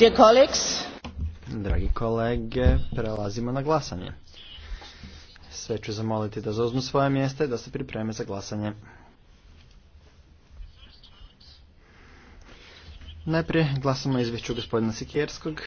Dear Dragi kolege, prelazimo na glasanje. Sve ću zamoliti da zauzmu svoje mjesta i da se pripreme za glasanje. Najprije glasamo o izvješću gospodina Sikjerskog.